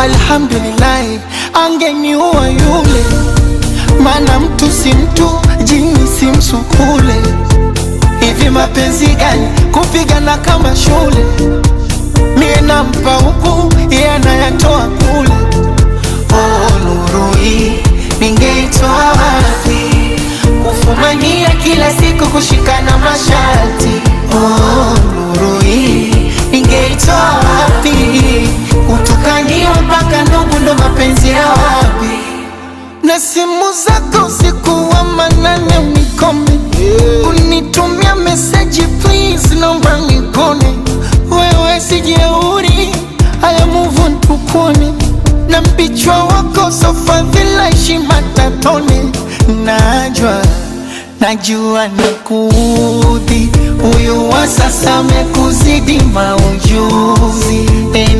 Alhamdulillah, angeniua yule, maana mtu si mtu, jini si msukule. Hivi mapenzi gani kupigana kama shule? Mie nampa huku, yeye anayatoa kule. Oh, nuru hii ningeitoa wapi? Kufumania kila siku, kushikana mashati oh. na simu zako usiku wa manane unikome, unitumia meseji please, naomba nikone. Wewe si jeuri, haya move on tukone, na mpichwa wako so fadhila heshima tatone. Najua najua nakuudhi, huyu wa sasa amekuzidi mauj